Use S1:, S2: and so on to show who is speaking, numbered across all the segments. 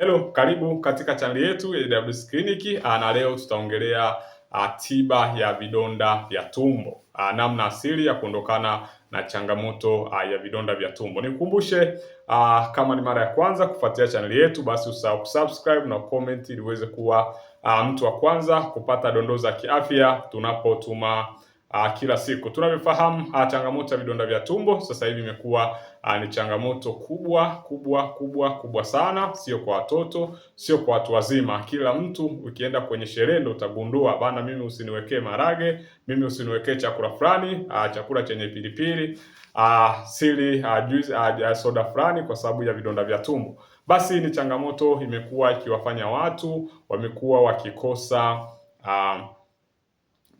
S1: Hello, karibu katika chaneli yetu ya AWS Clinic ah, na leo tutaongelea ah, tiba ya vidonda vya tumbo, ah, namna asili ya kuondokana na changamoto ya vidonda vya tumbo. Nikukumbushe, kama ni mara ya kwanza kufuatilia chaneli yetu, basi usahau kusubscribe na comment ili uweze kuwa mtu wa kwanza kupata dondoo za kiafya tunapotuma uh, kila siku. Tunavyofahamu uh, changamoto ya vidonda vya tumbo sasa hivi imekuwa uh, ni changamoto kubwa kubwa kubwa kubwa sana, sio kwa watoto, sio kwa watu wazima. Kila mtu ukienda kwenye sherehe ndo utagundua bana, mimi usiniwekee marage, mimi usiniwekee chakula fulani, uh, chakula chenye pilipili uh, sili uh, juice, uh, soda fulani kwa sababu ya vidonda vya tumbo. Basi ni changamoto imekuwa ikiwafanya watu wamekuwa wakikosa uh,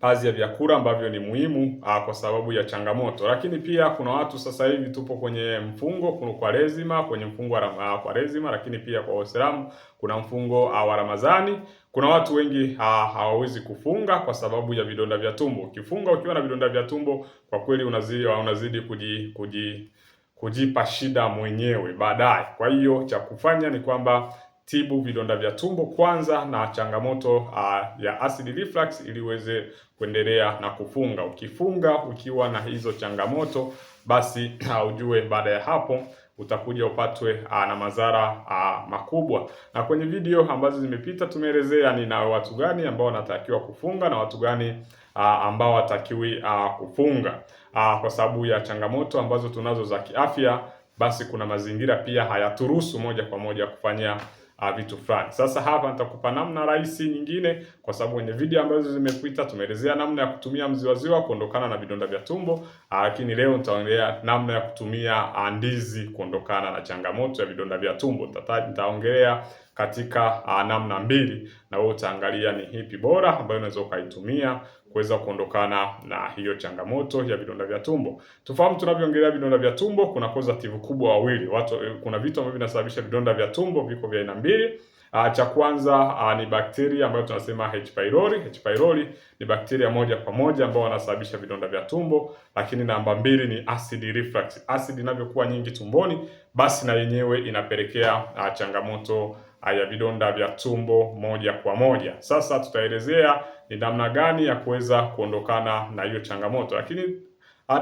S1: baadhi ya vyakula ambavyo ni muhimu ah, kwa sababu ya changamoto. Lakini pia kuna watu sasa hivi tupo kwenye mfungo kuna kwa lazima kwenye mfungo wa ah, kwa lazima, lakini pia kwa Waislamu kuna mfungo ah, wa Ramadhani. Kuna watu wengi hawawezi kufunga kwa sababu ya vidonda vya tumbo. Ukifunga ukiwa na vidonda vya tumbo, kwa kweli unazidi unazidi kuji, kuji kujipa shida mwenyewe baadaye. Kwa hiyo cha kufanya ni kwamba tibu vidonda vya tumbo kwanza na changamoto uh, ya acid reflux ili uweze kuendelea na kufunga. Ukifunga ukiwa na hizo changamoto, basi uh, ujue baada ya hapo utakuja upatwe uh, na madhara uh, makubwa. Na kwenye video ambazo zimepita tumeelezea ni na watu gani ambao wanatakiwa kufunga na watu gani uh, ambao watakiwi uh, kufunga uh, kwa sababu ya changamoto ambazo tunazo za kiafya, basi kuna mazingira pia hayaturuhusu moja kwa moja kufanya uh, vitu fulani. Sasa hapa nitakupa namna rahisi nyingine, kwa sababu kwenye video ambazo zimepita tumeelezea namna ya kutumia mziwaziwa kuondokana na vidonda vya tumbo uh, lakini leo nitaongelea namna ya kutumia ndizi kuondokana na changamoto ya vidonda vya tumbo. Nitaongelea katika uh, namna mbili, na wewe utaangalia ni hipi bora ambayo unaweza ukaitumia kuweza kuondokana na hiyo changamoto ya vidonda vya tumbo. Tufahamu tunavyoongelea vidonda vya tumbo, kuna causative kubwa wawili watu, kuna vitu ambavyo vinasababisha vidonda vya tumbo viko vya aina mbili. Uh, cha kwanza uh, ni bakteria ambayo tunasema H pylori. H pylori ni bakteria moja kwa moja ambao wanasababisha vidonda vya tumbo, lakini namba mbili ni acid reflux. Acid inavyokuwa nyingi tumboni, basi na yenyewe inapelekea uh, changamoto ya vidonda vya tumbo moja kwa moja. Sasa tutaelezea ni namna gani ya kuweza kuondokana na hiyo changamoto, lakini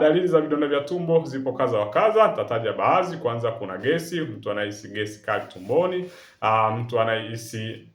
S1: dalili za vidonda vya tumbo zipo kaza wa kaza, nitataja baadhi. Kwanza kuna gesi, mtu anahisi gesi kali tumboni, ah, mtu anahisi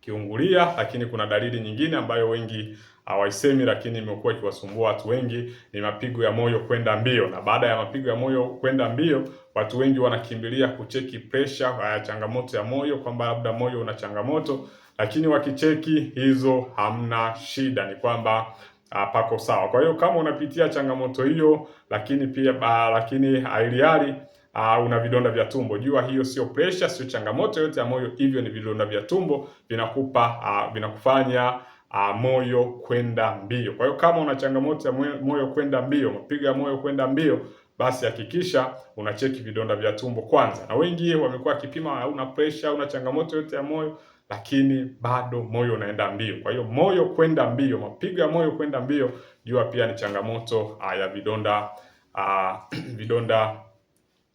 S1: kiungulia, lakini kuna dalili nyingine ambayo wengi hawaisemi lakini imekuwa ikiwasumbua watu wengi, ni mapigo ya moyo kwenda mbio. Na baada ya mapigo ya moyo kwenda mbio, Watu wengi wanakimbilia kucheki presha ya changamoto ya moyo, kwamba labda moyo una changamoto, lakini wakicheki hizo hamna shida, ni kwamba Uh, pako sawa. Kwa hiyo kama unapitia changamoto hiyo, lakini pia uh, lakini ailiali uh, ah, una vidonda vya tumbo, jua hiyo sio pressure, sio changamoto yote ya moyo, hivyo ni vidonda vya tumbo vinakupa uh, vinakufanya uh, moyo kwenda mbio. Kwa hiyo kama una changamoto ya moyo, kwenda mbio, mapigo ya moyo kwenda mbio basi hakikisha unacheki vidonda vya tumbo kwanza. Na wengi wamekuwa wakipima, una pressure, una changamoto yote ya moyo, lakini bado moyo unaenda mbio. Kwa hiyo moyo kwenda mbio, mapigo ya moyo kwenda mbio, jua pia ni changamoto ah, ya vidonda uh, vidonda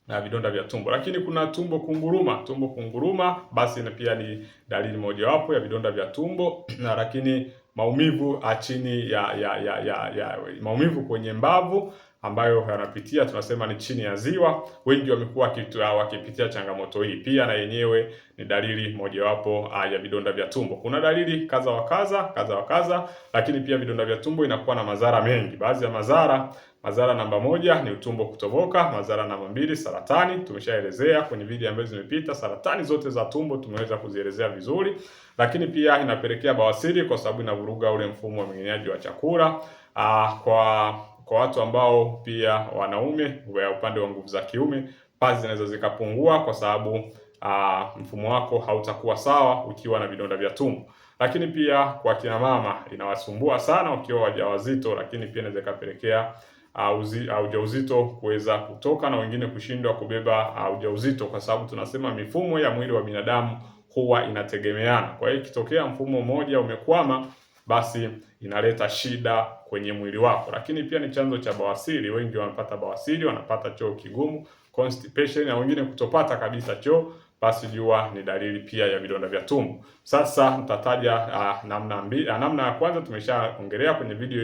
S1: na ah, vidonda vya tumbo. Lakini kuna tumbo kunguruma. Tumbo kunguruma basi na pia ni dalili mojawapo ya vidonda vya tumbo na lakini maumivu chini ya, ya, ya, ya, ya maumivu kwenye mbavu ambayo yanapitia tunasema ni chini ya ziwa, wengi wamekuwa ah, wakipitia changamoto hii. Pia na yenyewe ni dalili mojawapo ah, ya vidonda vya tumbo. Kuna dalili kadha wa kadha kadha wa kadha, lakini pia vidonda vya tumbo inakuwa na madhara mengi. Baadhi ya madhara Madhara namba moja ni utumbo kutoboka. Madhara namba mbili saratani, tumeshaelezea kwenye video ambazo zimepita. Saratani zote za tumbo tumeweza kuzielezea vizuri, lakini pia inapelekea bawasiri, kwa sababu inavuruga ule mfumo wa mmeng'enyaji wa chakula. Aa, ah, kwa kwa watu ambao pia wanaume wa upande wa nguvu za kiume, pazi zinaweza zikapungua kwa sababu uh, mfumo wako hautakuwa sawa ukiwa na vidonda vya tumbo. Lakini pia kwa kina mama inawasumbua sana ukiwa wajawazito, lakini pia inaweza ikapelekea uh, ujauzito kuweza kutoka na wengine kushindwa kubeba uh, ujauzito, kwa sababu tunasema mifumo ya mwili wa binadamu huwa inategemeana. Kwa hiyo ikitokea mfumo mmoja umekwama basi inaleta shida kwenye mwili wako, lakini pia ni chanzo cha bawasiri. Wengi wanapata bawasiri, wanapata choo kigumu, constipation, na wengine kutopata kabisa choo, basi jua ni dalili pia ya vidonda vya tumbo. Sasa nitataja uh, namna mbili. Uh, ah, namna ya kwanza tumeshaongelea kwenye video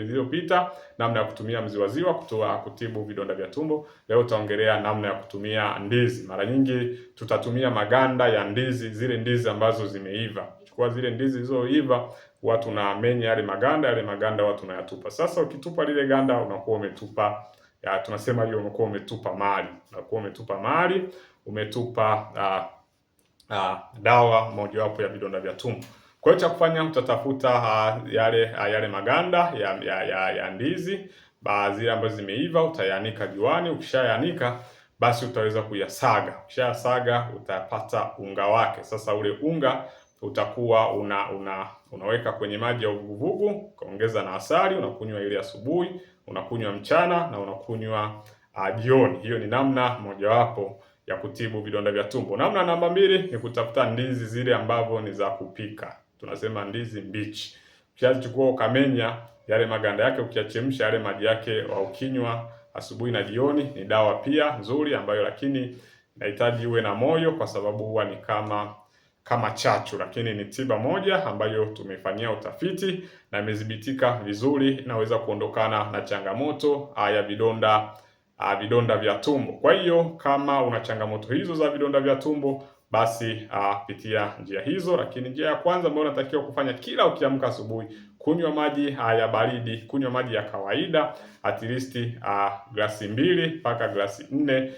S1: iliyopita, namna ya kutumia mziwaziwa kutoa ah, kutibu vidonda vya tumbo. Leo tutaongelea namna ya kutumia ndizi. Mara nyingi tutatumia maganda ya ndizi, zile ndizi ambazo zimeiva. Chukua zile ndizi zilizoiva huwa tunamenya yale maganda, yale maganda huwa tunayatupa. Sasa ukitupa lile ganda unakuwa umetupa ya, tunasema hiyo unakuwa umetupa mali, unakuwa umetupa mali, umetupa uh, uh, dawa mojawapo ya vidonda vya tumbo. Kwa hiyo cha kufanya utatafuta uh, yale uh, yale maganda ya, ya, ya, ya ndizi baadhi ambazo zimeiva utayanika juani. Ukishayanika basi utaweza kuyasaga, ukishayasaga utapata unga wake. Sasa ule unga utakuwa una, una unaweka kwenye maji ya uvuguvugu, ukaongeza na asali, unakunywa ile asubuhi, unakunywa mchana na unakunywa ah, jioni. Hiyo ni namna mojawapo ya kutibu vidonda vya tumbo. Namna namba mbili ni kutafuta ndizi zile ambavyo ni za kupika, tunasema ndizi mbichi. Ukiachukua ukamenya yale maganda yake, ukiyachemsha yale maji yake, wa ukinywa asubuhi na jioni, ni dawa pia nzuri ambayo, lakini inahitaji uwe na moyo, kwa sababu huwa ni kama kama chachu, lakini ni tiba moja ambayo tumefanyia utafiti na imethibitika vizuri, inaweza kuondokana na changamoto ah, ya vidonda a, ah, vidonda vya tumbo. Kwa hiyo kama una changamoto hizo za vidonda vya tumbo basi a, ah, pitia njia hizo, lakini njia ya kwanza ambayo unatakiwa kufanya kila ukiamka asubuhi kunywa maji ya baridi, kunywa maji ya kawaida at least glasi mbili mpaka glasi nne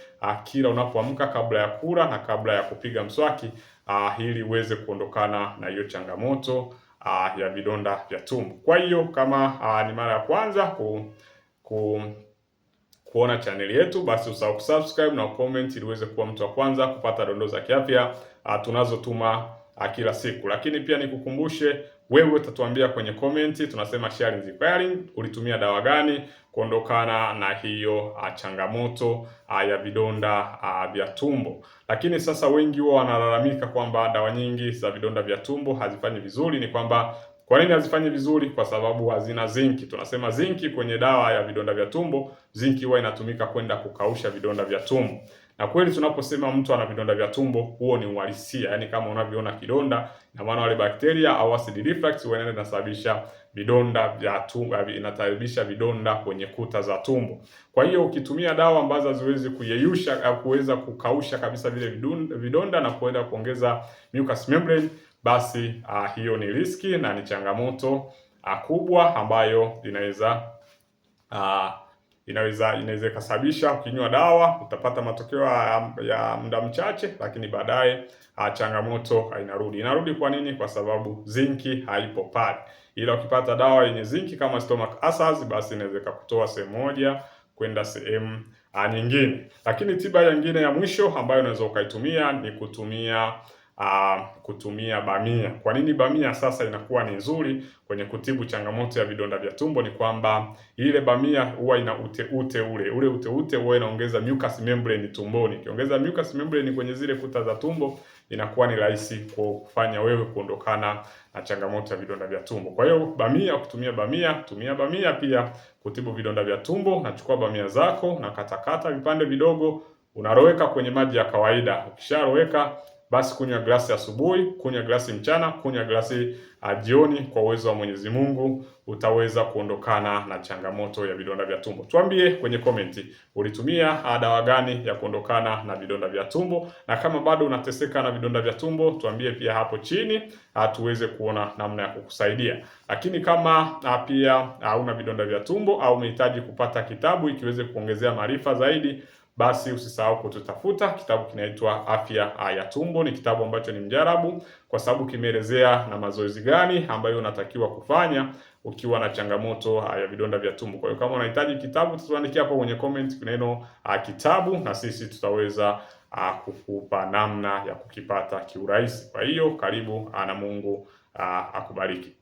S1: kila unapoamka kabla ya kula na kabla ya kupiga mswaki uh, ah, ili uweze kuondokana na hiyo changamoto uh, ya vidonda vya tumbo. Kwa hiyo kama uh, ni mara ya kwanza ku, ku kuona chaneli yetu basi usahau kusubscribe na comment ili uweze kuwa mtu wa kwanza kupata dondoo za kiafya tunazotuma kila siku, lakini pia nikukumbushe wewe utatuambia kwenye comment, Tunasema sharing is caring. Ulitumia dawa gani kuondokana na hiyo ah, changamoto ah, ya vidonda ah, vya tumbo? Lakini sasa wengi huwa wanalalamika kwamba dawa nyingi za vidonda vya tumbo hazifanyi vizuri. Ni kwamba kwa nini hazifanyi vizuri? Kwa sababu hazina zinki. Tunasema zinki kwenye dawa ya vidonda vya tumbo, zinki huwa inatumika kwenda kukausha vidonda vya tumbo. Na kweli tunaposema mtu ana vidonda vya tumbo, huo ni uhalisia, yaani kama unavyoona kidonda, na maana wale bakteria au acid reflux wanaenda inasababisha vidonda vya tumbo, inataribisha vidonda kwenye kuta za tumbo. Kwa hiyo ukitumia dawa ambazo haziwezi kuyeyusha au kuweza kukausha kabisa vile vidonda na kuenda kuongeza mucous membrane, basi uh, hiyo ni riski na ni changamoto uh, kubwa ambayo inaweza uh, inaweza inaweza ikasababisha ukinywa dawa utapata matokeo ya, ya muda mchache, lakini baadaye ah, changamoto inarudi. Inarudi kwa nini? Kwa sababu zinki haipo pale, ila ukipata dawa yenye zinki kama stomach acids, basi inaweza kukutoa sehemu moja kwenda sehemu ah, nyingine. Lakini tiba nyingine ya mwisho ambayo unaweza ukaitumia ni kutumia uh, kutumia bamia. Kwa nini bamia sasa inakuwa ni nzuri kwenye kutibu changamoto ya vidonda vya tumbo? Ni kwamba ile bamia huwa ina ute ute ule ule ute ute huwa inaongeza mucus membrane tumboni. Ikiongeza mucus membrane kwenye zile kuta za tumbo, inakuwa ni rahisi kufanya wewe kuondokana na changamoto ya vidonda vya tumbo. Kwa hiyo bamia, kutumia bamia, tumia bamia pia kutibu vidonda vya tumbo. Nachukua bamia zako na katakata vipande vidogo, unaroweka kwenye maji ya kawaida. Ukisharoweka basi kunywa glasi asubuhi, kunywa glasi mchana, kunywa glasi ah, jioni. Kwa uwezo wa Mwenyezi Mungu utaweza kuondokana na changamoto ya vidonda vya tumbo. Tuambie kwenye komenti ulitumia ah, dawa gani ya kuondokana na vidonda vya tumbo, na kama bado unateseka na vidonda vya tumbo, tuambie pia hapo chini ah, tuweze kuona namna ya kukusaidia. Lakini kama pia hauna vidonda vya tumbo au umehitaji kupata kitabu ikiweze kuongezea maarifa zaidi basi usisahau kututafuta. Kitabu kinaitwa Afya ya Tumbo, ni kitabu ambacho ni mjarabu kwa sababu kimeelezea na mazoezi gani ambayo unatakiwa kufanya ukiwa na changamoto ah, ya vidonda vya tumbo. Kwa hiyo kama unahitaji kitabu, tuandikia hapo kwenye comment neno ah, kitabu, na sisi tutaweza ah, kukupa namna ya kukipata kiurahisi. Kwa hiyo karibu, na Mungu akubariki.